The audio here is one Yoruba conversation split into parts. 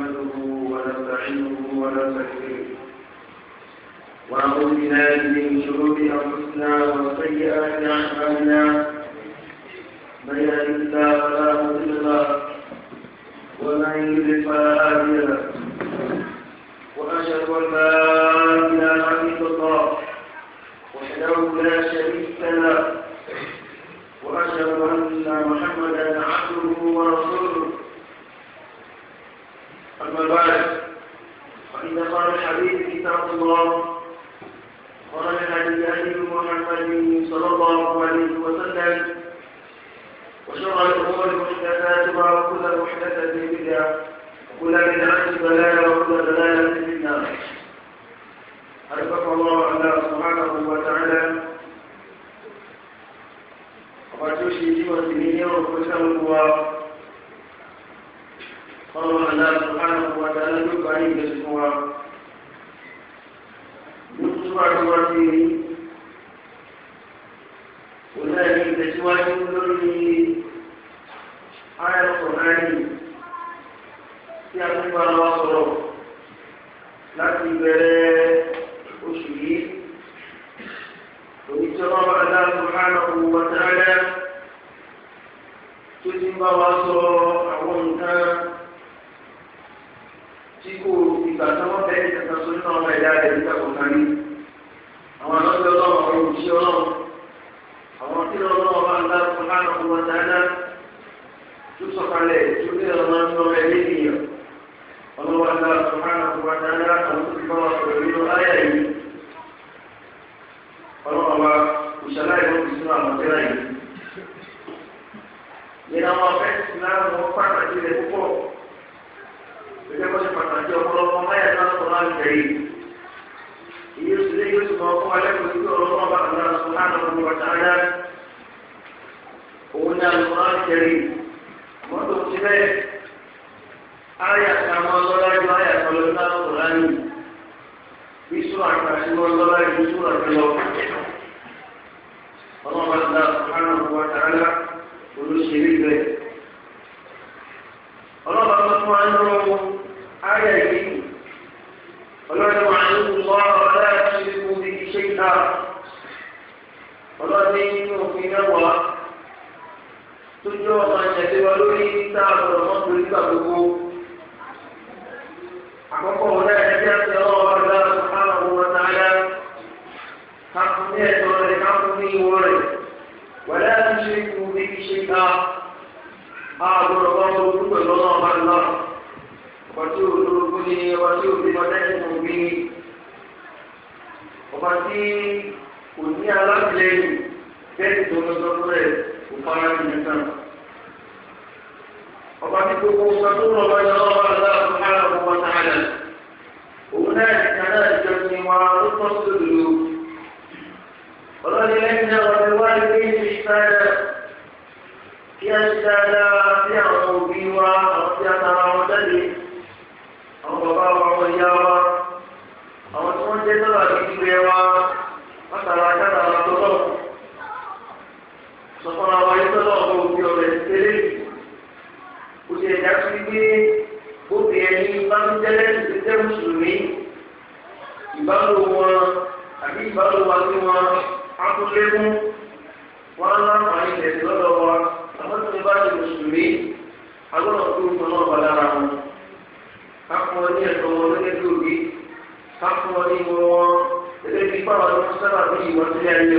نحمده ونستعينه ونستغفره ونعوذ بالله من شرور انفسنا وسيئات اعمالنا من يهد الله فلا مضل له ومن يضلل فلا هادي له واشهد ان لا اله الا الله وحده لا شريك له واشهد ان محمدا عبده ورسوله أما بعد فإن قال الحديث كتاب الله قال الهدي هدي محمد صلى الله عليه وسلم وشرع الأمور محدثاتها وكل محدثة بدعة وكل بدعة ضلالة وكل ضلالة في النار أرفق الله على سبحانه وتعالى وقد تشهد وسنين وقسم الله अल्लाह सुब्हानहु व तआला की बाणी पेश हुआ दूसरा हुआ कि olórúkú pẹ̀lú ọlọ́run bá lọ ọtí olórúkú ni ọtí olórúkú ọtí kò gbé ni ọba tí kò ní alábìlẹ́yìn bẹ́ẹ̀ tó lọ́jọ́ rẹ̀ kò fara ní ẹ̀ka ọba tí gbogbo ọba tó lọ bá yọ ọba aláàbò aláàbò wọn náà rẹ̀ òun náà ti náà jọ ní wa ló tọ́ sí òdòdó ọlọ́dẹ lẹ́yìn náà wọ́n ti wá ìṣẹ́ ìṣẹ́ kí á ṣe ìbálò wọn àbí ìbálò wa sí wọn akúlẹ́kùn wọn láǹfààní tẹ̀sí lọ́dọ̀ wa àwọn bá ti mùsùlùmí tó ń ọ̀bà lára wọn. ní ẹ̀tọ́ wọn tó ní wọn tí sílẹ̀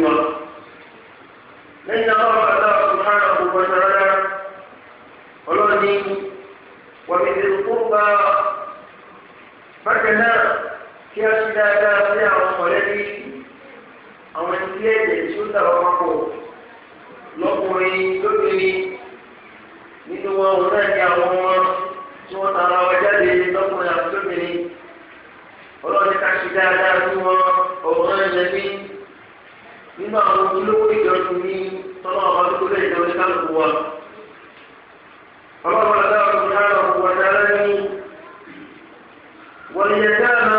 lẹ́yìn náà kí a ti dáadáa sí àwọn mọ̀lẹ́bí àwọn ẹni ẹ̀jẹ̀ tí ó dàgbà papọ̀ lọ́kùnrin lóbìnrin nínú wọn òun náà ní àwọn ọmọ tí wọ́n tara wọn jáde lọ́kùnrin àti lóbìnrin ọlọ́ọ̀ni ká ti dáadáa sí wọn ọ̀gbọ́n ẹ̀jẹ̀ mi nínú àwọn olówó ìjọsìn ní tọ́lá ọba tó lè jọ ní kálukú wa. ọlọ́run aláwọ̀ ní àwọn ọ̀gbọ̀n dáadáa ní wọ́n yẹ dáadáa.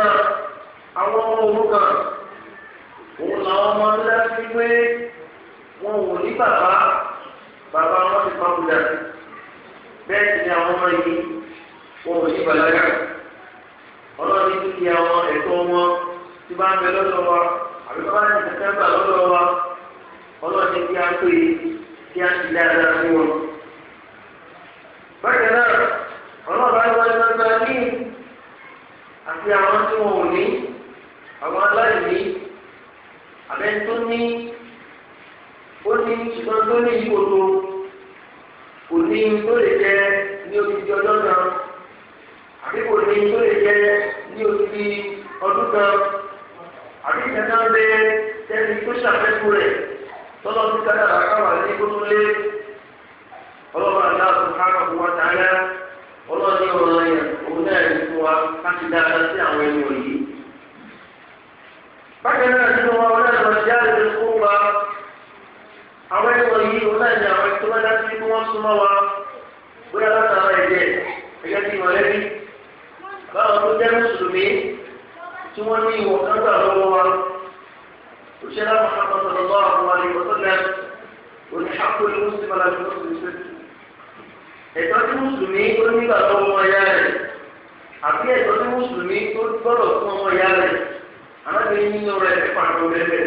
wàlá yá ọlọ́run ní dúkìá wọn ẹ̀tọ́ wọn tí bá ń bẹ lọ́dọ̀ wa àbí bá ń tẹ̀sẹ̀ ń lọ́dọ̀ wa kí á pè é kí á ti dáadáa fún wọn. náà ní àti àwọn tí wọn ò ní àwọn aláìní tó ní ó ní ṣùgbọ́n tó ní ìkòtò kò ní níbo ni tó lè jẹ ní oṣù bí ọdún kan àbí ìtẹ́tẹ́ ń bẹ tẹ́lẹ̀ tó ṣàfẹ́kù rẹ̀ tọ́lọ́ ti ká dàrá káwà ní gbósúlé ọlọ́run àdá sùnkárọ̀ fún wa tààlà ọlọ́run ní ọ̀rọ̀ yẹn òun náà ní fún wa láti dáadáa sí àwọn ẹni wọ̀nyí. bákan náà nínú wa wọn náà lọ sí àlejò fún wa àwọn ẹni wọ̀nyí òun náà ní àwọn ẹni tó wá dá sí bí wọ́n súnmọ́ wa bóyá látara ẹ̀jẹ̀ ẹ̀jẹ̀ ti mọ̀lẹ́bí báwọn tó jẹ́ mùsùlùmí tí wọ́n ní ìwọ̀n kan gbà lọ́wọ́ wa òṣèlú àmọ́ sọ̀rọ̀ àwọn àlejòsọ́lẹ̀ oníṣàkó ní mùsùlùmí aláṣọ mùsùlùmí ẹ̀tọ́ tí mùsùlùmí ó ní gbà lọ́wọ́ wọn yá rẹ̀ àbí ẹ̀tọ́ tí mùsùlùmí ó gbọ́dọ̀ fún ọmọ yá rẹ̀ alábẹ́rẹ́ nínú rẹ̀ ẹ̀fà tó bẹ́ẹ̀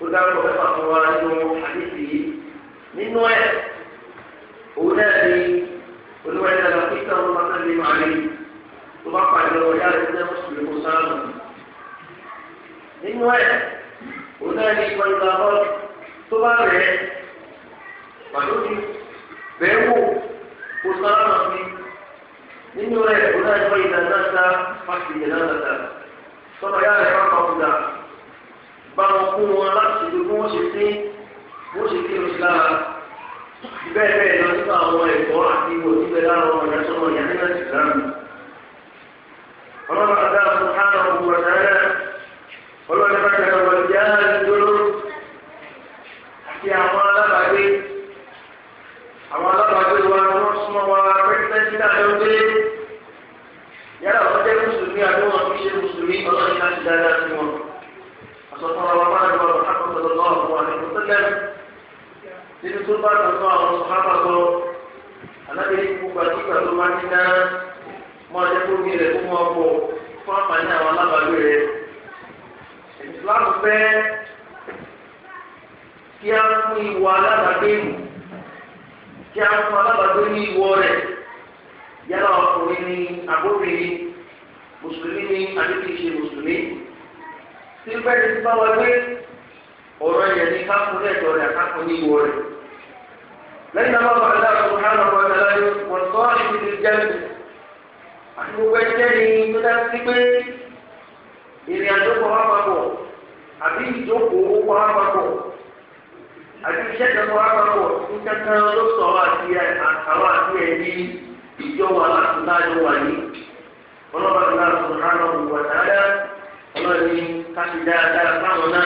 ó dáwọ́ ẹ̀fà tó wá tó bá pàdé ọ̀rọ̀ yára ẹni jẹ́ mùsùlùmí kó sáàmù. nínú ẹ̀ òun náà ní ìkọ́ ìgbà bọ́ tó bá rẹ̀ pàdókì bẹ́ẹ̀ wò kó sáàmù sí. nínú ẹ̀ òun náà ìkọ́ ìgbà náà dá fásitì náà dàda tọ́lọ̀ yára ẹ̀ bá kọ́ ọ̀gá bá wọn kú wọn láti ṣe bí wọ́n ṣe sí wọ́n ṣe kí lóṣù lára bẹ́ẹ̀ bẹ́ẹ̀ lọ sí àwọn ẹ̀kọ́ àti ìwòsíbẹ̀ lára ọmọ ìyá ìyá nígbà tí ìlànà ọlọ́run ọ̀dà sùhánà ọ̀gbọ̀n náírà ọlọ́run ẹ̀ka tẹ̀lé ọ̀gbọ̀n ìyá ìdúró àti àwọn alábàágbé àwọn alábàágbé wa wọ́n súnmọ́ wa pẹ́ẹ́tẹ́tì náà ló dé yálà wọ́n jẹ́ mùsùlùmí àbí wọn kì í ṣe mùsùlùmí ọlọ́run náà ti dáadáa sí wọn. àsọ̀tàn ọ̀rọ̀ máa ń lọ àkọsọ̀tàn náà fún wa nínú tẹ́lẹ̀ nínú mọ ọdẹ tó gbé rẹ fún wọn kó fún àpàní àwọn alábàálù rẹ islam fẹ́ kí a fún ìwọ alábàágbéyìn kí a fún alábàágbé ní ìwọ rẹ yálà ọkùnrin ní agbófinrin mùsùlùmí ní adébíyìí ṣe mùsùlùmí tí bẹ́ẹ̀ ti bá wa gbé ọ̀rọ̀ yẹn ní káfún lẹ́tọ̀ọ́ rẹ káfún ní ìwọ rẹ lẹ́yìn náà bá bàtà lọ́wọ́ sọ̀rọ̀ hàn lọ́wọ́ ẹ̀ lọ́wọ́ sọ̀rọ̀ ìdílé jẹ́ mi. gbogbo ẹgbẹ́ ni tó dá sí pé ìrìn àjò kan wá máa àbí ìjókòó kan wá máa àti iṣẹ́ kan wá máa bọ̀ ní ló sọ àti àwọn àti ẹ̀mí ìjọba àtúntàjọ wà ní ọlọ́ba ní láti sọ náà lọ́wọ́ wà dáadáa dáadáa náà dáadáa táwọn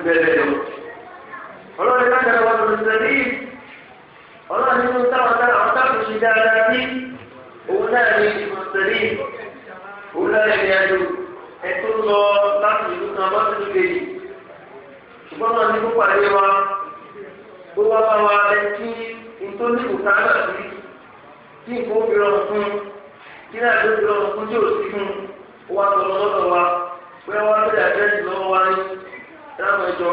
ṣiṣẹ́ ọlọ́run náà dára wọn lòdì sẹ́rí ọlọ́run nínú táwọn táwọn àwọn táwọn ṣe dáadáa bí òun náà ní ìlú sẹ́rí òun náà ní ẹ̀dùn ẹ̀tọ́ lọ láti ìlú kan bá ti lè ṣùgbọ́n náà ní púpọ̀ àyè wa tó wá bá wa ẹ kí nítorí kùtà náà sí kí nǹkan ó fi rọrùn fún kí náà ló fi rọrùn fún tí ò sí fún wa tọ̀lọ́ lọ́dọ̀ wa pé wọ́n á bẹ̀rẹ̀ àjẹ́sì lọ́wọ́ wa ní dáhùn ẹjọ́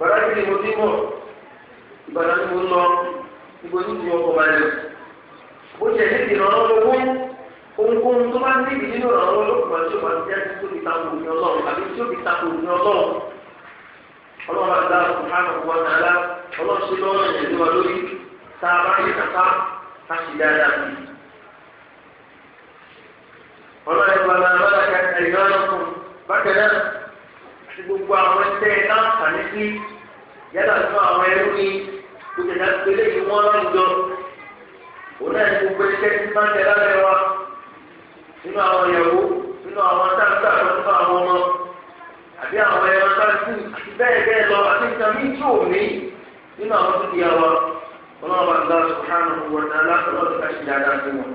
bàbá mi ni mo ti mọ̀ ìbàdàn ni mo ń lọ ibo ní ti ọkọ̀ máa lẹ̀ bó ṣe ní ìdìnnà ọlọ́wọ́ ohunkóhun tó bá ní ìdílé náà àwọn olókùnrin àti ọba ti jáde tó fi tako òfin ọlọ́run àbí tí ó fi tako òfin ọlọ́run ọlọ́run àti àwọn ọ̀hánà wọn nàlá ọlọ́run ṣe lọ́wọ́ ẹ̀jẹ̀ ló lórí tá a bá yẹ kàkà ká sì dáadáa bí. ọlọ́run ẹ̀fọ́ ti gbogbo àwọn ẹgbẹ́ láǹfààní sí yálà fún àwọn ẹrú ni kùtẹ̀dá pélé yìí wọ́n lọ́jọ́ òun náà ní gbogbo ẹgbẹ́ tí máa ń tẹ lábẹ́ wa nínú àwọn ìyàwó nínú àwọn táǹtà nínú àwọn ọmọ àbí àwọn ẹran táǹtì àti bẹ́ẹ̀ bẹ́ẹ̀ lọ àti nǹkan mí tí ò ní nínú àwọn tó di àwa ọlọ́run bá gbà subhanahu wa ta'ala lọ́dún ká ṣe dáadáa sí wọn.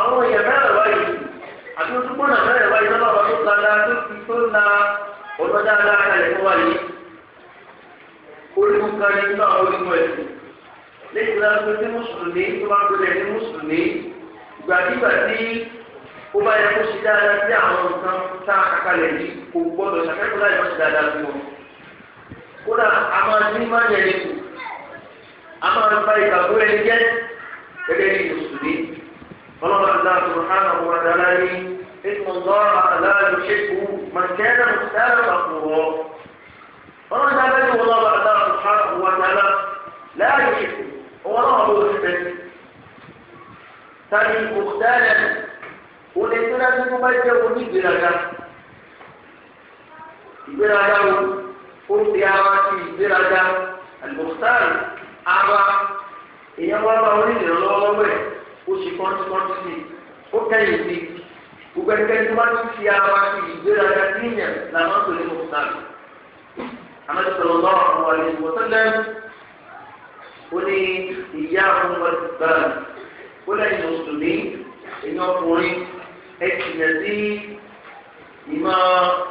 àwọn èèyàn mẹ́rin àti oṣù gbọ́dọ̀ mẹ́rẹ̀ wáyé lọ́wọ́ ọ̀rọ̀ tó ga tó ti tó na ọlọ́dá aláàkàlẹ̀ tó wáyé orígun kan ní nínú àwọn orígun ẹ̀sìn lẹ́yìn náà tó ti mùsùlùmí tó máa gbọdọ̀ ní mùsùlùmí gbàdúgbà tí ó bá yẹ kó ṣe dáadáa sí àwọn nǹkan tá a kàkàlẹ̀ yìí kò gbọ́dọ̀ ṣàkẹ́kọ̀ọ́ láì lọ́ọ́ ṣe dáadáa sí wọn kódà a máa ní máa yẹ ní kù a máa ń fa ìgbàgbọ́ فلما الله سبحانه وتعالى إن الله لا يحب من كان مختالا مختار أقوه فلما الله سبحانه وتعالى لا يشك هو الله أبو حسن ثاني مختارا ونحن لا نبجرني بلغة بلغة قلت يا عاشي بلغة المختار أعبى إنه الله أبو حسن ó ṣe kọ́ńtíkọ́ńtí sí ó kẹ́yìn sí gbogbo ẹnikẹ́ni tó bá ti fi ara wa sí ìgbéraga níyàn làwọn tó lè mọ̀ fún àná. àmọ́ sọ̀rọ̀ lọ́wọ́ àwọn àlejò wọ́n tẹ́lẹ̀ ó ní ìyá àwọn ọmọ ti bá a ó lẹ́yìn oṣù ẹ̀yìn ọkùnrin ẹ̀ sí ìmọ̀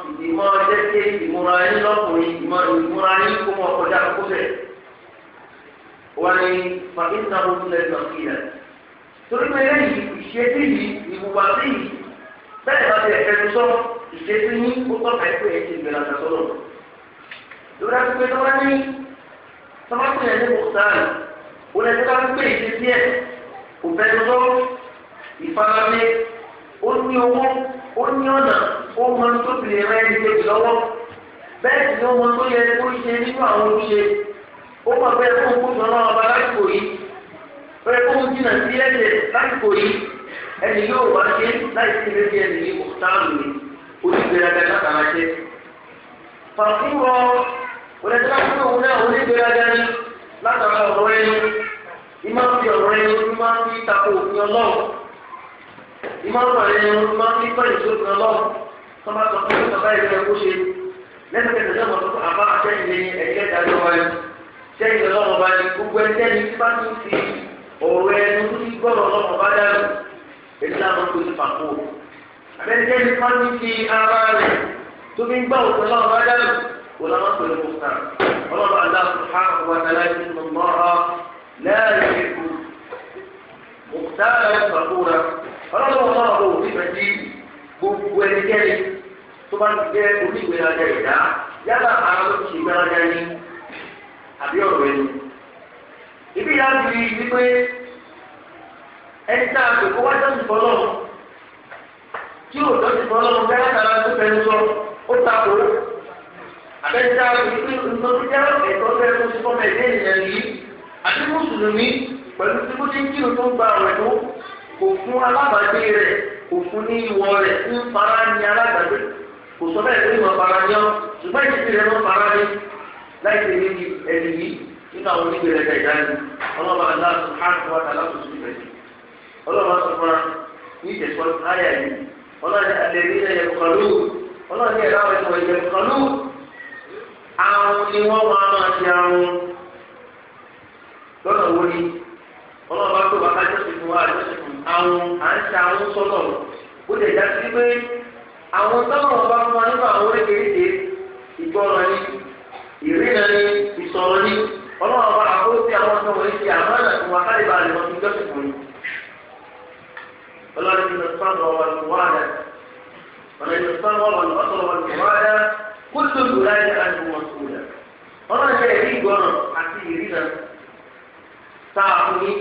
ìdìmọ̀ jẹ́jẹ́ ìmúra yín lọ́kùnrin ìmọ̀ ìmúra yín kó mọ̀ kọjá kó bẹ̀. wọ́n ní fàkíńtà ó ti lẹ́yìn ọ̀kìyà torí pé lẹ́yìn ìṣesí yìí ìwùwà sí yìí bẹ́ẹ̀ bá ti ẹ̀fẹ́ sọ ìṣesí yín ó tọ́ka ẹ̀kọ́ yẹn ti gbẹ̀rẹ̀ àtàtọ́ lọ. lórí àti pé tọ́wá ní tọ́wá pè é ní bùsàn òun ẹ̀sẹ̀ bá ń pè é ṣe díẹ̀ kò bẹ́ẹ̀ lọ ìfarame ó ní owó ó ní ọ̀nà ó mọ tó bìrì rẹ̀ ní ìgbèjì lọ́wọ́ bẹ́ẹ̀ sì ni ó mọ tó yẹ kó ṣe nínú àwọn oṣù ó mọ̀ bẹ́ẹ̀ fún kó pé kó o jìnnà sí ẹ̀jẹ̀ lásìkò yìí ẹni yóò wá ṣe láì sí méjì ẹni yìí kò sáàlù ni onígbèraga náà kàrà ṣe. fàkúrọ̀ òdàdúrà fún òun náà onígbèraga ni látara ọ̀rọ̀ ẹni ìmọ̀ fi ọ̀rọ̀ ẹni ìmọ̀ fi tako òfin ọlọ́run ìmọ̀ ọ̀rọ̀ ẹni ìmọ̀ fi kọ́ ìṣòfin ọlọ́run sọ́mà sọ fún ìjọba ìlú ẹ̀kọ́ ṣe lẹ́sẹ̀kẹsẹ̀ lọ́mọ tó àbá sẹ́yìn ẹ̀yẹ́ dájọ́ wáyé sẹ́yìn ọlọ́run wáyé òwe ẹni tó ti gbọ́dọ̀ lọ́mọ bá dàrú èyí làwọn tó ti fàkó abẹ́jẹ́ ní pàmì ti ara rẹ̀ tó fi ń gbà òkè lọ́mọ bá dàrú kò làwọn tó lè kó sàn ọlọ́mọ aláàfin ha wà láti nù mọ́ ọ lẹ́yìn ikú òkútàlẹ̀ fàkóra ọlọ́mọ náà ló wù nípa jí gbogbo ẹnikẹ́ni tó bá ti jẹ́ oníwèé ajá ìdá yálà àwọn ọ̀rọ̀ ẹni ibi yà á di wípé ẹni tá a pè kó wá jọ́sìn fọlọ́ tí yóò jọ́sìn fọlọ́ bẹ́ẹ̀ tara tó fẹ́ sọ ó ta kó abẹ́ni tá a pè wípé nítorí jẹ́ ẹ̀tọ́ fẹ́ tó sọ mọ́ ẹ̀dẹ́ ìyẹn yìí àti mùsùlùmí pẹ̀lú tí kò ní kí o tó gba ọ̀rẹ́ tó kò fún alábàágbé rẹ̀ kò fún ní ìwọ rẹ̀ ń fara ní alábàágbé kò sọ bẹ́ẹ̀ tó ìwọ fara ní ọ ṣùgbọ́n ìdíje nínú àwọn oníbẹ̀rẹ̀ kẹ̀kẹ́ ni ọlọ́ba aláà subhanahu wa ta'ala tó ti bẹ̀rẹ̀ ọlọ́ba ní ìjẹ̀sọ́ ayà yìí ọlọ́ni àtẹ̀lé ẹ̀yẹ kọlù ọlọ́ni ẹ̀rọ àwọn ẹ̀sọ́ ẹ̀yẹ kọlù àwọn ni wọ́n máa máa ti àrùn lọ́nà wo ni ọlọ́ba tó bá ká jọ́sìn fún wa jọ́sìn fún àwọn à ń ṣe àwọn sọ́nà káyọ̀ bá lè mọ tó jọ́sìn fún yín. ọlọ́run ní sọ́dọ̀ wọn ni wọ́n rẹ̀ ọ̀nà ní sọ́dọ̀ wọn ni ọ̀sọ̀ wọn ni wọ́n rẹ̀ kó tó lù láyé àti wọn kú rẹ̀. ọlọ́run ṣe èrí ìgbọràn àti ìrìnà táà fún yín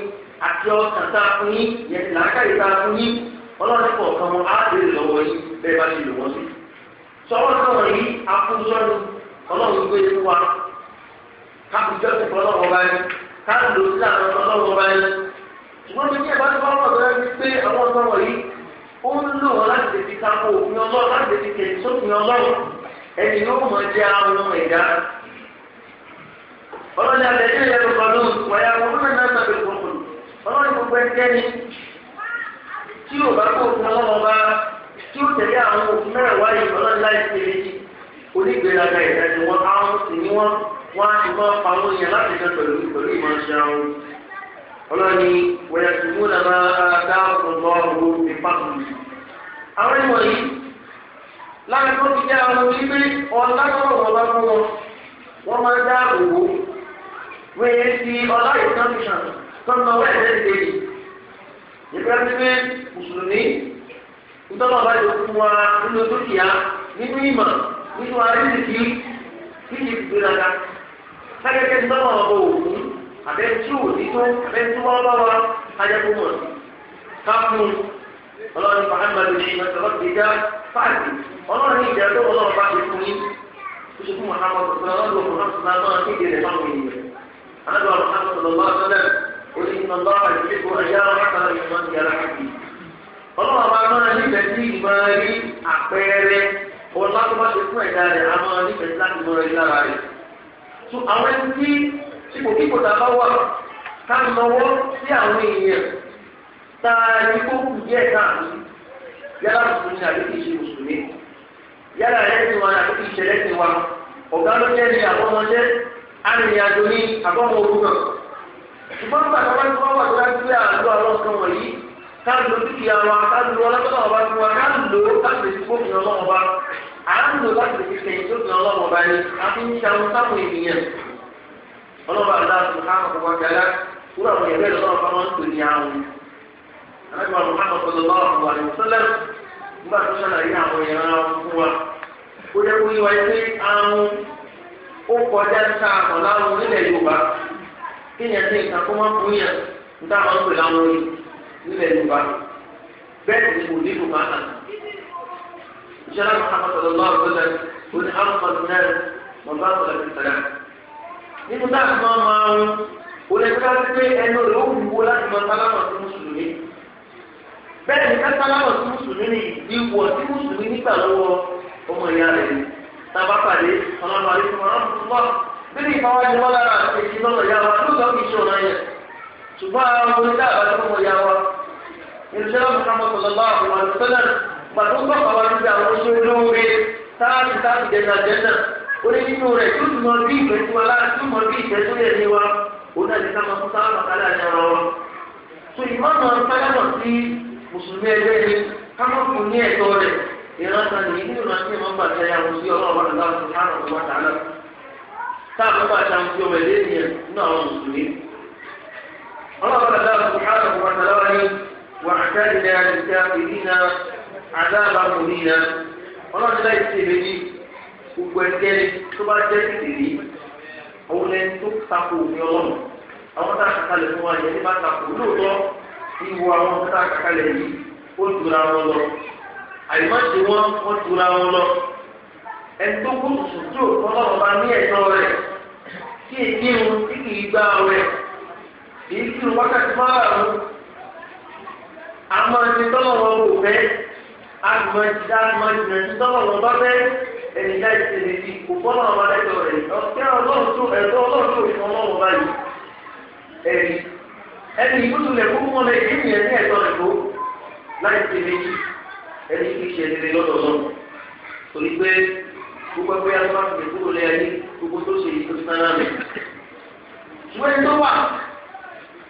àti ọ̀sán táà fún yín yẹn làákàyè táà fún yín ọlọ́run kọ̀ọ̀kan wọn á lè lọ́wọ́ yín bẹ́ẹ̀ bá ṣe lò wọ́n sí. sọ́wọ́n sọ̀rọ̀ yìí afúnṣọ́nù ọlọ́run gbé wa káàkiri fọlọ́wọ́ báyìí. káàdùn sí àwọn ọlọ́run bá yẹn ṣùgbọ́n mi ní ẹ̀bá tí wọ́n mọ̀ lọ́wọ́ pé àwọn ọlọ́run yìí ó ń lò wọ́n láti òfin ọlọ́run láti sófin ọlọ́run ẹni yóò àwọn ẹ̀dá. ọlọ́run àti lọ́kọ̀ ló ń wáyà náà náà onígbèéraga ìdá ni wọ́n á sì ní wọ́n wọ́n á ti máa pa wọ́n yẹn láti fẹ́ pẹ̀lú pẹ̀lú ìmọ̀ ṣe ara wọn. ọlọ́ni wẹ̀yà tó mú nàmá dá ọ̀pọ̀lọpọ̀ ọ̀rọ̀ ìpá kùnú. àwọn ìmọ̀ yìí láti tó ti dá àwọn onígbé ọ̀làkọ̀rọ̀ ọ̀là fún wọn wọ́n máa dá òwò wẹ̀yẹ ti ọ̀là ìtọ́nùṣàn tó ń lọ wẹ̀ẹ́ nínú àrísìkí níbi ìgbéraga sákẹ́kẹ́ sọ́wọ́n ọ̀bọ òkú àbẹ́tú òdìtú àbẹ́tú ọlọ́wọ́ ayẹ́kùnmọ̀ káfún ọlọ́run muhammadu ní ìgbàsọ̀rọ̀gbẹ̀dá fáàdì ọlọ́run ìjà tó ọlọ́run bá fi fún yín oṣù muhammadu sọ̀rọ̀ ọlọ́run muhammadu sọ̀rọ̀ náà kéde rẹ̀ fáwọn èèyàn anábọ̀ muhammadu lọ́wọ́ sọ́dẹ̀ oníṣẹ́ lọ́wọ́ àdìgbò ẹ̀yà ọ̀hánà ìmọ̀ ìyàrá àti ọlọ́run bá máa nífẹ̀ẹ́ sí ìmọ̀ rí àpẹẹrẹ òun láti má ṣe fún ẹ̀dá rẹ̀ àmọ́ nífẹ̀ẹ́ láti mọ ẹ lára rẹ̀. tó àwọn ẹni tí ipòkípò tá a bá wà ká nọwọ́ sí àwọn èèyàn tá a ní kó kù díẹ̀ káàmì yálà mùsùlùmí àbí kì í ṣe mùsùlùmí yálà ẹ̀sìn wa àbí kì í ṣe ẹ̀sìn wa ọ̀gá ló jẹ́ ní àwọn arìnrìnàjò ní àbọ̀mọ̀ orúkọ ṣùgbọ́n gbàgbọ́ ká lò dúkìá wa ká lò ọlọ́mọdé ọba fún wa ká lò láti fi gbófin ọlọ́mọ bá à ń lò láti fi kẹ̀yìn tó fi ọlọ́mọ bá yẹn àfi ń ṣàwọn sáwọn ènìyàn ọlọ́mọ àdá sùnkánù kọ̀ọ̀kan kẹlẹ́ wúrà wọn yẹn bẹ́ẹ̀ lọ́wọ́ fún wọn tó ní àwọn àti wọn kọ́ nígbà tó àwọn èèyàn fún wa ó kó nílẹ̀ yorùbá bẹ́ẹ̀ ni kò nílò máa nà. ìṣẹ́lá muhammadu sallallahu alaihi wa sallam kò ní alùpàdé náà mọ̀ bá sọ̀rọ̀ ti sàrà. nínú táàbù máa máa ń wọlé káàdì pé ẹnu rẹ̀ ó wù wó láti mọ sálámà sí mùsùlùmí. bẹ́ẹ̀ ni ká sálámà sí mùsùlùmí ni ìwọ̀ sí mùsùlùmí nígbà lọ́wọ́ ọmọ ìyá rẹ̀ ni. tábà pàdé ọlọ́run àdéhùn ọlọ́run bíbí ìfọwọ́jú wọn lára àti ìdílọ́wọ́ ìyá wa ló sọ kìí ṣe ọ̀nà yẹn ṣùgbọ́n àwọn onídàgbà tó mọ̀ ìyá wa ìṣẹ́lá mùsàmù sọ̀lọ́lá àwọn àlùfẹ́lẹ̀ pàtó ń bọ̀ wá níbi àwọn oṣù olóore táàbì táàbì jẹta jẹta ó ní nínú rẹ̀ tó ti mọ bí ìfẹ́ tí wa láti tó mọ bí ìfẹ́ tó lè ní wa ó náà ti ká mọ fún sáwọn àkàlà ní ọ̀rọ̀ wọn. tó ìmọ̀nà fẹ́lẹ́mọ̀ sí mùsùlùmí ẹgbẹ́ ni kámọ́kùn ní ẹ̀tọ́ rẹ̀ ìrántàn ní nínú ìrántí ìmọ̀ gbàtẹ́ واعتدنا للكافرين عذابا مهينا ọlọ́run láì ṣe méjì gbogbo ẹgbẹ́ tó bá jẹ́ ìdèrí àwọn ẹni tó tako òfin ọlọ́run àwọn tá a kàkálẹ̀ fún wa yẹn ní bá tako lóòótọ́ ìwọ àwọn tá a kàkálẹ̀ yìí ó dùra wọn lọ àyùmáṣe wọn wọn dùra wọn lọ ẹni tó kú sùtò ọlọ́run bá ní ẹ̀tọ́ rẹ̀ kí èdè wọn kí kì í gbá rẹ̀ èyí kí wọn wákàtí máa rà wọn àmọ́ ti tọ́lọ̀ wọn kò fẹ́ àmọ́ ti dá àmọ́ ti rẹ̀ ti tọ́lọ̀ wọn bá fẹ́ ẹni dá ìṣẹ̀lẹ̀ yìí kò fọ́lọ́ wọn lẹ́tọ̀ rẹ̀ ọ̀kẹ́ ọlọ́run tó ẹ̀tọ́ ọlọ́run tó ìfọ̀ ọlọ́run báyìí ẹ̀rí ẹni ìbúdùn lẹ̀ fún wọn lẹ́yìn ní ẹ̀ní ẹ̀tọ́ rẹ̀ kó láì ṣe méjì ẹni kì í ṣe rere lọ́dọ̀ náà torí pé gbogbo ẹgbẹ́ yàtọ̀ láti lè kúrò lẹ́yìn gbogbo tó ṣe ìtòsí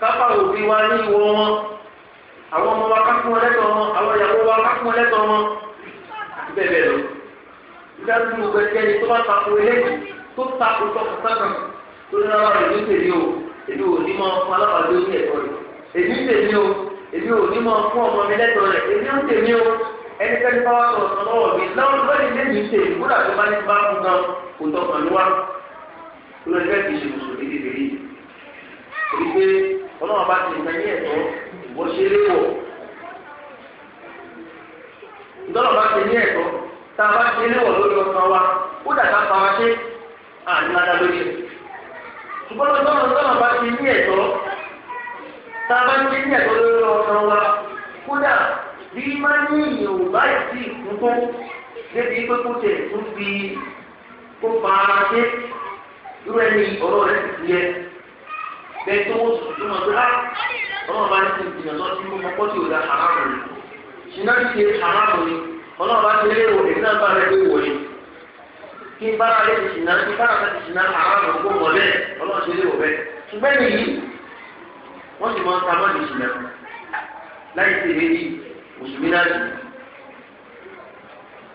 kápá òbí wa ní ìwọ wọn àwọn ọmọ wa kápá wọn lẹ́tọ̀ọ́ wọn àwọn ìyàwó wa kápá wọn lẹ́tọ̀ọ́ wọn bẹ́ẹ̀ bẹ́ẹ̀ lọ. ìdájú gbogbo ẹgbẹ́ ni tó bá takò eléyìí tó takò tọkọtàkà tó ní ara rẹ̀ ní tèmi o èmi ò ní máa fún alábàájọ ní ẹ̀tọ́ rẹ̀ èmi tèmi o èmi ò ní máa fún ọmọ mi lẹ́tọ̀ọ́ rẹ̀ èmi ò tèmi o ẹnikẹ́ni bá wà sọ̀rọ̀ lọ́wọ́ mi láwọn lọ́yìn lẹ́yìn tè múlà tó bá ní bá fún gan kò tọkàn ní wá. olùdókè kì í ṣe mùsùlùmí ọlọ́wọ́n bá ti nǹkan ní ẹ̀tọ́ bó ṣe léwọ̀ ìtọ́nà bá ti ní ẹ̀tọ́ tá a bá ti léwọ̀ lórí ọkàn wa ó dàgbà fara ṣe àdínládá lórí ẹ̀ ṣùgbọ́n ìtọ́nà ìtọ́nà bá ti ní ẹ̀tọ́ tá a bá ti ní ẹ̀tọ́ lórí ọkàn wa kódà bí má ní ìyòwò báyìí sí ìkúntó débi pé tẹ̀ tún fi kó fara ṣe irú ẹni ọ̀rọ̀ rẹ̀ ti yẹ bẹ́ẹ̀ tó wọ́n sùn tó mọ̀ tó rárá ọmọ bá ní sèǹtì náà lọ́ọ́ tí mo mọ pọ́tì òdà haramu ni ṣìnà ṣe haramu ni ọlọ́run bá ti lé wò ní náà bá rẹ lé wò ni kí n bára lé ṣìnà kí bára lé ṣìnà haramu kó mọ̀ bẹ́ẹ̀ ọlọ́run ṣe lé wò bẹ́ẹ̀ ṣùgbọ́n nìyí wọ́n sì mọ ọ̀tá mọ́ ní ṣìnà láì ṣe méjì mùsùlùmí náà jù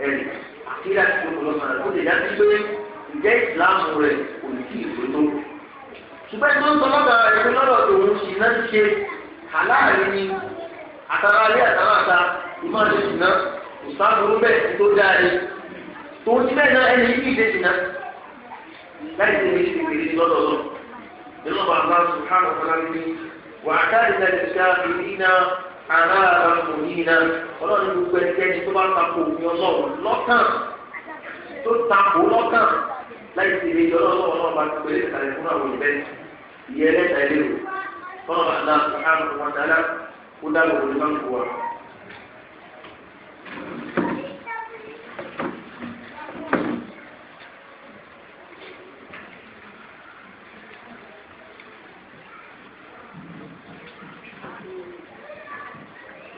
ẹ̀rì àti ìdá ṣùgbọ́n ẹni tó ń sọ lọ́dọ̀ ẹni lọ́dọ̀ tòun sì náà ń ṣe àláàrin ni àtàrà ilé àtàrà àta ìmọ̀ ṣe sì náà ìsáàbùrú bẹ́ẹ̀ tó dáa ni tòun ti bẹ́ẹ̀ náà ẹni yìí ṣe sì náà láì sí ìrísí ìrísí lọ́dọ̀ lọ. nínú bàbá sùhánù fúnami wà á dárí náà ti ká ìrìnà àrà àrùn yìnyínà ọlọ́run gbogbo ẹnikẹ́ni tó bá takò òfin ọlọ́run lọ́kàn tó takò يلت عليه طلب الله سبحانه وتعالى قدامه لمن هو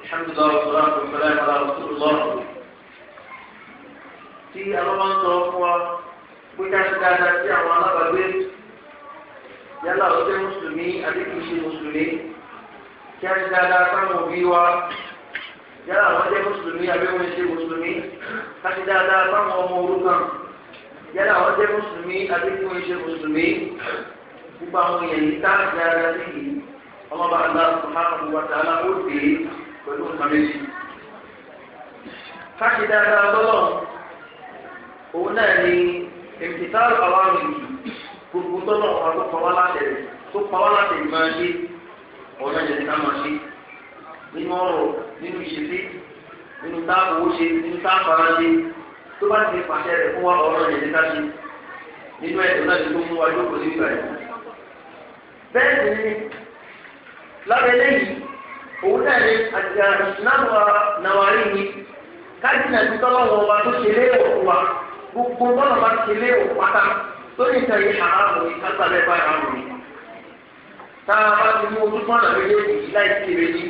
الحمد لله والصلاة والسلام على رسول الله tí alọ́wọ́ ń sọ fún wa pé ká ṣe dáadáa sí yálà ó jẹ́ mùsùlùmí àbí kìí ṣe mùsùlùmí kí á ṣe dáadáa sáwọn òbí wa yálà wọ́n jẹ́ mùsùlùmí àbí wọ́n ṣe mùsùlùmí ká ṣe dáadáa sáwọn ọmọ òrukàn yálà wọ́n jẹ́ mùsùlùmí àbí wọ́n ṣe mùsùlùmí gbogbo àwọn èèyàn yìí tá àti ara sí yìí ọmọ bá ńlá subhanahu wa ta'ala pẹ̀lú nǹkan ká ṣe dáadáa lọ́lọ́ òun náà ni èmìtìtà àwọn àmì gbogbo tọ́lọ̀ ọ̀pá tó pa wá látẹ̀ tó pa wá látẹ̀ máa ṣe ọ̀nà ìyẹn ká máa ṣe nínú ọ̀rọ̀ nínú ìṣesí nínú táàbù ó ṣe nínú táàbù ara ṣe tó bá ti pàṣẹ rẹ̀ fún wa ọ̀nà ìyẹn ká ṣe nínú ẹ̀dùn náà ti tó mú wa lóko sí ìgbà yìí. bẹ́ẹ̀ ni lábẹ́ lẹ́yìn òun náà ní àtìgbà ìsìlámù nàwárí ni káàdì náà ti tọ́lọ́ lórí ìtàn yìí haramu ni kásábẹ́ bá haramu ni tá a bá ti mú ojú pọ́nà méjèèjì yìí láì sí ire ní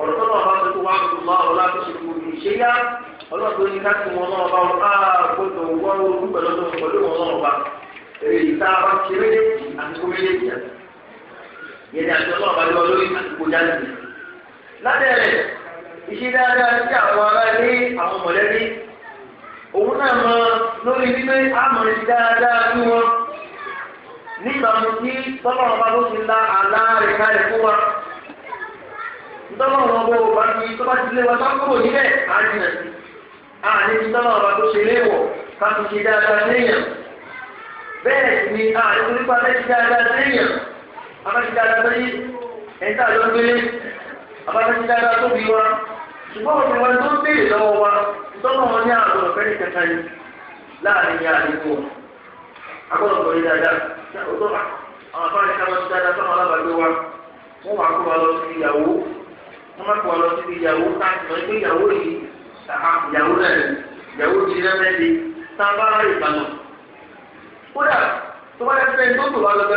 ọ̀rọ̀ tó náà bá tó tó wá tó máa wọ láti ṣe kú ní ṣe yá ọlọ́dún ní káàkiri wọn náà bá wọn á gbọdọ̀ wọ́ ojú pẹ̀lú ọdún pẹ̀lú wọn náà bá èyí tá a bá ti méjèèjì àti kó méjèèjì àti yẹn ni àti ọlọ́run bá lọ lórí àti jáde lábẹ́rẹ̀ ìṣe dáadáa àwọn ará ilé àwọn mọ̀lẹ́bí òun náà máa lórí wípé àmọ̀ dáadáa bí wọn níbàámu sí tọ́lọ̀ ọba ló ti la àlá rẹ̀ kalẹ̀ fún wa tọ́lọ̀ ọba ò bá fi tó bá ti lé wa tó kúrò níbẹ̀ á jìnà sí àní tọ́lọ̀ ọba tó ṣe léwọ̀ ká fi ṣe dáadáa léèyàn bẹ́ẹ̀ ni àní tó nípa bẹ́ẹ̀ ṣe dáadáa léèyàn abáṣe dáadáa tó yí ẹ̀ńtà ló ń gbélé abáṣe dáadáa tó bí wa ṣùgbọ́n òní wọn tó ń béèrè lọ́wọ́ wa ìtọ́nà wọn ní àgbọ̀dọ̀ fẹ́ ní kẹta yìí láàrin ní àdínkù wọn agbọ́dọ̀ kọ̀ yìí dáadáa ọ̀dọ́ àwọn afárí káwọn ti dáadáa sọ́nà alábàgbé wa wọ́n wàá kó wa lọ sí ìyàwó wọ́n má kó wa lọ sí ìyàwó káàkiri wọn pé ìyàwó yìí ìyàwó náà ìyàwó ti rẹ́ mẹ́lẹ̀ tá a bá rà ìbànú. kódà tó bá yẹ fẹ́ tó tó wá lọ́gbà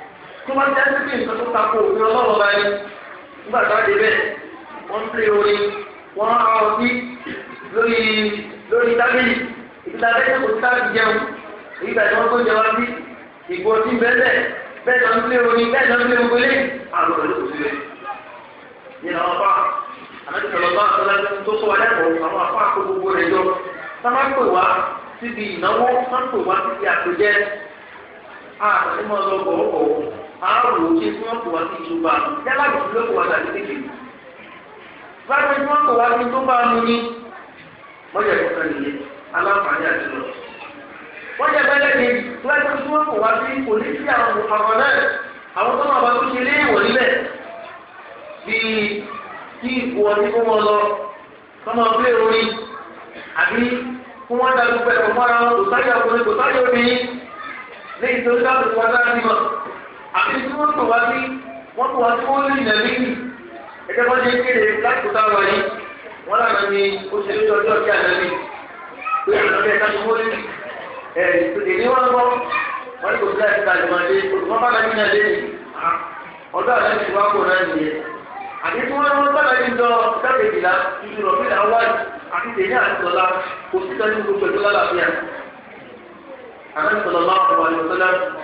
tó bá jẹ́ síbi nǹkan tó takò òfin ọlọ́run bá yẹn nígbà tó a dé bẹ́ẹ̀ wọ́n ń pè orin wọ́n á ọtí lórí lórí tábìlì ìgbà bẹ́ẹ̀ kò tábìlì jẹun ìgbà tí wọ́n tó jẹun ọtí ìgbò tí bẹ́ẹ̀ bẹ́ẹ̀ lọ ń pè orin bẹ́ẹ̀ lọ ń pè ogun lé àwọn ọ̀rẹ́ kò sí rẹ̀ nínú àwọn apá àmọ́ ìṣẹ̀lẹ̀ ọba àtọ́lá tó sọ wáyé àpò àwọn apá àkó gbogbo rẹ̀ jọ sábà pè wá síbi ìnáwó sábà pè wá síbi àpèjẹ àtàlẹ́mọ̀ lọ́gbọ̀ọ́gbọ̀ọ́ àárò ṣe tí wọ́n kò wá sí ìjọba yálà ìjọba ló kò wá sí àdéhùn. báyìí tí wọ́n kò wá sí ìjọba mi ní mọ́jà tó kàn nìyẹn aláǹfààní àti lọ. wọ́n jẹ́ bẹ́lẹ̀ ni láti tí wọ́n kò wá sí polisi àwọn ọ̀rọ̀ náà àwọn tó máa bá tó ṣe lé ìwọ̀ nílẹ̀ bíi kí ìwọ ni kó wọn lọ tọmọ ọgbẹ orin àbí kó wọn dàgbẹ́ ọmọ ara kò sáyà kò sáyà obìnrin lẹ́yìn tó dábòbò wọn dáhùn àti tí wọ́n tó wá sí wọ́n tó wá sí wọ́n lè nà mí ẹgbẹ́ wọn ṣe kéde láti kóta wá yìí wọ́n lànà mi ó ṣe lójú ọjọ́ kí àná mi pé àná mi ẹ̀ka ti ẹ̀ èdè ní wọ́n gbọ́ wọ́n kò sí àti tàbí màdé olùkọ́ bá nàbí nàdé ni ọ̀dọ́ àná mi wá kó náà nìyẹn àti tí wọ́n wọ́n sábà ní lọ sábẹ̀jìlá ìṣúná fílà wáyé àti tèmi àti ọ̀la kò sí tọ́jú gbogbo ìtọ́lá làbíyà. àná ìṣọ̀lọ́ máa ń wà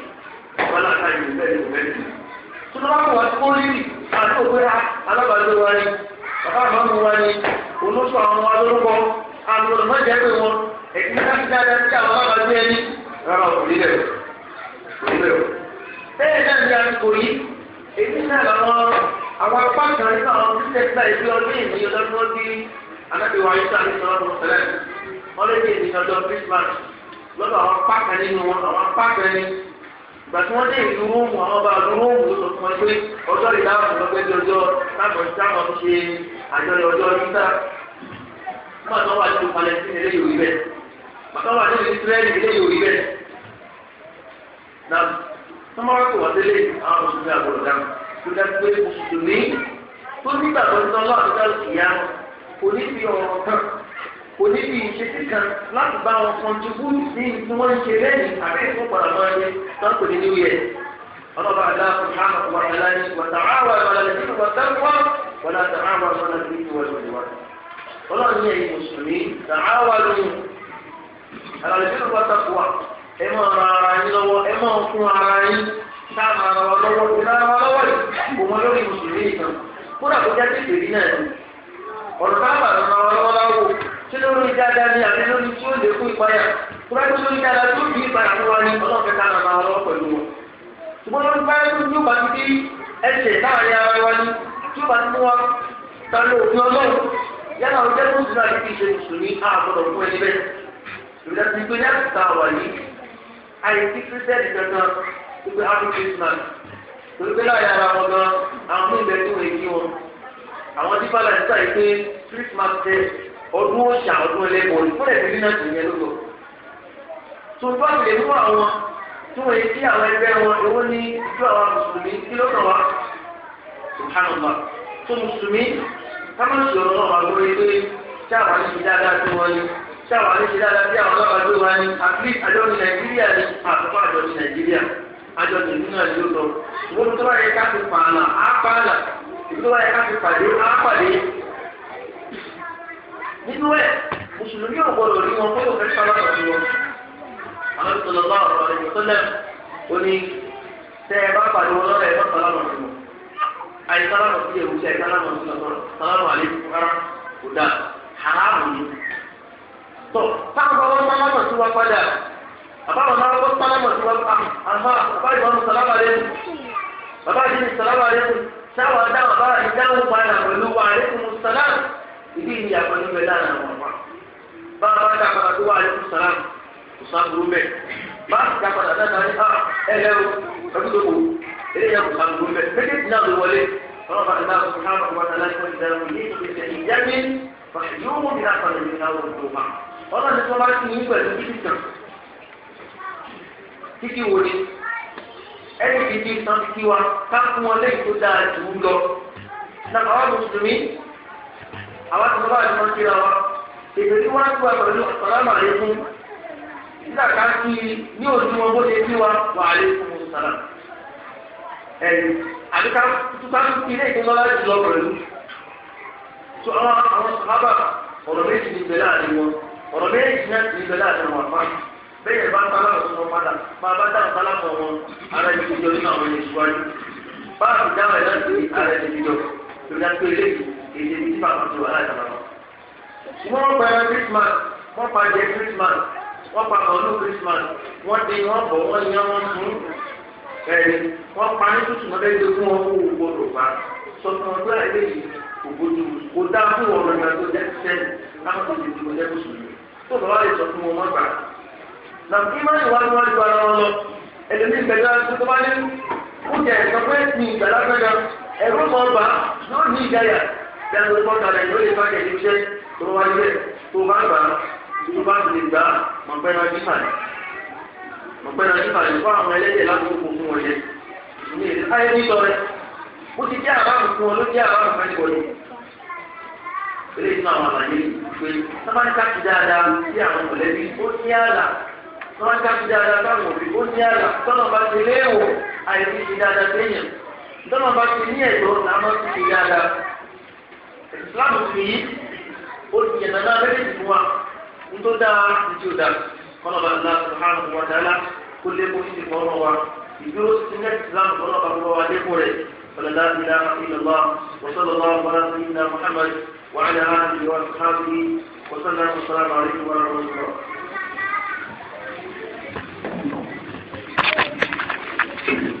wọn náà láyé ìgbẹ́ ní ìgbẹ́ ní. tó lọ́wọ́ kó wá kó rí àti òpéra alábàájọ wa ni bàbá àmàmù wa ni olóṣù àwọn alórúkọ alùpùpù pé wọn èyí náà ti dáadáa sí àwọn alábàájọ ẹni rárá òbí rẹ̀ òbí rẹ̀ o. bẹ́ẹ̀ náà ni a ti kò yí èyí náà làwọn àwọn apá kan nínú àwọn kírísítẹ́sítà ìbí ọdún ìní ọdún ọdún anábìwá lọ́dọ̀ àwọn apá kan nínú àwọn apá kan gbàtí wọ́n dé ìlú róòmù àwọn ọba róòmù tó fún wọn pé ọjọ́ ìdáhùn lọ́gbẹ́ bí ọjọ́ táwọn táwọn ṣe àjọyọ̀ ọjọ́ nígbà nígbà tó wà nínú palẹ́sìn ilé yòówì bẹ́ẹ̀ bàtà wà nínú israẹli ilé yòówì bẹ́ẹ̀ na sọmọ́rọ́ tó wà délé àwọn mùsùlùmí àgbọ̀dọ̀ dáhùn tó dájú pé mùsùlùmí tó nígbà tó ń tán lọ́wọ́ àti oníbi ìṣesí kan láti bá wọn kọntribútì ní ìlú wọn ṣe lẹ́yìn àbẹ́ ìfún pàrọ̀mọ́ ẹni wọn kò ní ní wíyẹ. ọlọ́ba àdá ọ̀hánà wàhálà ní wàtàràwà ìwàlẹ̀ nínú wàtàràwà wàlà tàràwà wàlà nínú wàlúwà. ọlọ́run ní ẹ̀yin mùsùlùmí tàràwà lóyún. àlàlẹ́ nínú wàtàkùwà ẹ máa ra ara yín lọ́wọ́ ẹ máa fún ara yín sáà ra wa lọ́wọ́ tí lórí dáadáa ni àbí lórí tí ó lè kú ìpayà kúrẹ́ tí lórí dáadáa tó bí ìpayà fún wa ni ọlọ́ọ̀fẹ́ ká máa lọ pẹ̀lú wọn. ṣùgbọ́n lórí báyìí tó ní òbá ti dé ẹsẹ̀ láàrin ara wa ni tí ó bá ti mú wa ta ló òfin ọlọ́run yálà ó jẹ́ mùsùlùmí àti kìí ṣe mùsùlùmí àbọ̀dọ̀ fún ẹni bẹ́ẹ̀. ìrìnà ti gbé láti ta wà yìí àìsí Christmas torí pé láàrin ara wọn gan àwọn ilẹ̀ tó wẹ̀ kí wọn Christmas day ọdún ọ̀sà ọdún ẹlẹ́gbọ̀n olùkúlẹ̀ ti nínú ẹ̀sìn yẹn lódò. tó bá lè mú àwọn tí wọ́n yẹ kí àwọn ẹgbẹ́ wọn àwọn mùsùlùmí kí ló wá tó mùsùlùmí tí àwọn wọn ni tí àwọn àwọn tó wọn ni àjọ ní yẹ ká pààlà á pààlà yẹ ká nínú ẹ̀ mùsùlùmí ò gbọdọ̀ rí wọn pé òfin sọ́lá pẹ̀lú wọn. àwọn ìṣòro náà ọ̀rọ̀ rẹ̀ tó lẹ̀ ó ní tẹ́ ẹ bá pàdé wọn lọ́rẹ̀ ẹ bá sọ́lá wọn àyè sí sí sí rárá kò dà haramu ni. wọn sí padà sí àmà bàbá bá padà ìdí ìyá àpọ̀jù bẹ láàrin àwọn ọ̀pá báwa bá dàpadà tó wà ní kùsàlám kùsàbùrù bẹ bá dàpadà dáadáa ní ah, ẹlẹ́rù ẹ̀kúndòkò eléyà kùsàbùrù bẹ méjèèjì náà ló wọlé ọlọ́run bá dàgbà kó hàn wà ní aláìsàn ìdáhùn yìí tó ṣe ìyáni yóò mú mi láti ọ̀nà ìyá wọn tó wà ọlọ́run ti sọ bá ti yín pẹ̀lú kíkì kan kíkì wo ni ẹni kìí tán kíkì wa ká fún wọn lẹ́yìn tó dáa jù ú lọ nàkàwá mùsùlùmí àwọn tó bá àti wọn kíra wọn èdè tí wọn gbọ́ pẹ̀lú sàlámà lẹkùn nígbà ká kí ní òdu wọn bó ṣe kí wa wà á lẹkùn sàlám ẹni àti ká tuta tuntun ilé ìgbésọ láti lọ pẹ̀lú tó àwọn àwọn sábà ọ̀rọ̀ méjì ní ìbẹ̀lẹ̀ àti wọn ọ̀rọ̀ méjì náà ti ní ìbẹ̀lẹ̀ àti wọn àpá bẹ́ẹ̀ bá ń bala ọ̀sán padà máa bá dáhùn bala fún wọn ara ẹni nínú àwọn ẹni tó wáyé báàbù dáhùn ẹ̀ náà sí ara ẹni tó jọ èdè Christmas ti wà láti wọn. wọ́n pa ẹran Christmas wọ́n pa jẹ Christmas wọ́n pa ọ̀nù Christmas wọ́n dé wọ́n bọ̀ wọ́n yan wọ́n fún ẹ̀yìn wọ́n pa ní tútù náà lẹ́yìn fún wọn kó o gbọdọ̀ pa sọ̀tún ọdún àìlè yìí kò gbójú kò dá fún wọn lọ́nà tó jẹ́ sẹ́yìn láwọn kò lè ju ọjọ́ kó sùn yìí tó bàbá lè sọ fún wọn wọ́n gbà. nàbí má ìwà ni wọ́n ara wọn lọ ẹlẹ́mí ìgbẹ́jọ́ tó bá lẹ́nu tó kọ́ta lẹ́yìn ó lè bá yẹn níṣẹ́ tó wá níbẹ̀ tó bá gbà tó bá lè gbà mọ̀pẹ́ náà jífà ní. mọ̀pẹ́ náà jífà ní fún àwọn ẹlẹ́dẹ̀ lásìkò fún wọn yẹn. ní ayé nítọ́ ti jẹ́ àbámu fún ló jẹ́ àbámu yìí. eré àwọn àlàyé pé sábàtà ti dáadáa sí àwọn mọ̀lẹ́bí ó ní àlà sábàtà ti dáadáa sáwọn òbí ó ní àlà tọ́nà bá ti léèwọ̀ àìsí ti dáadáa tọ́nà bá ti ní làwọn ti ti dáadáa islam ti yí olùyẹ̀nà náà lẹ́yìn ìlú wa ń tó dáa ìdí ò dáa kọ́nà bá ńlá subhanahu wa ta'ala kó lékún sí ìfọ̀ ọ̀rọ̀ wa ìdúró sí ní islam kọ́nà bá ńlá wa lékún rẹ̀ fọlọ́lá ìlà ìlọ́lá wàsálọ́lá wàlá ìlà muhammad wàhálà àlè wa sàbí wàsálà wàsálà àlè wa rahmatulah. Thank you.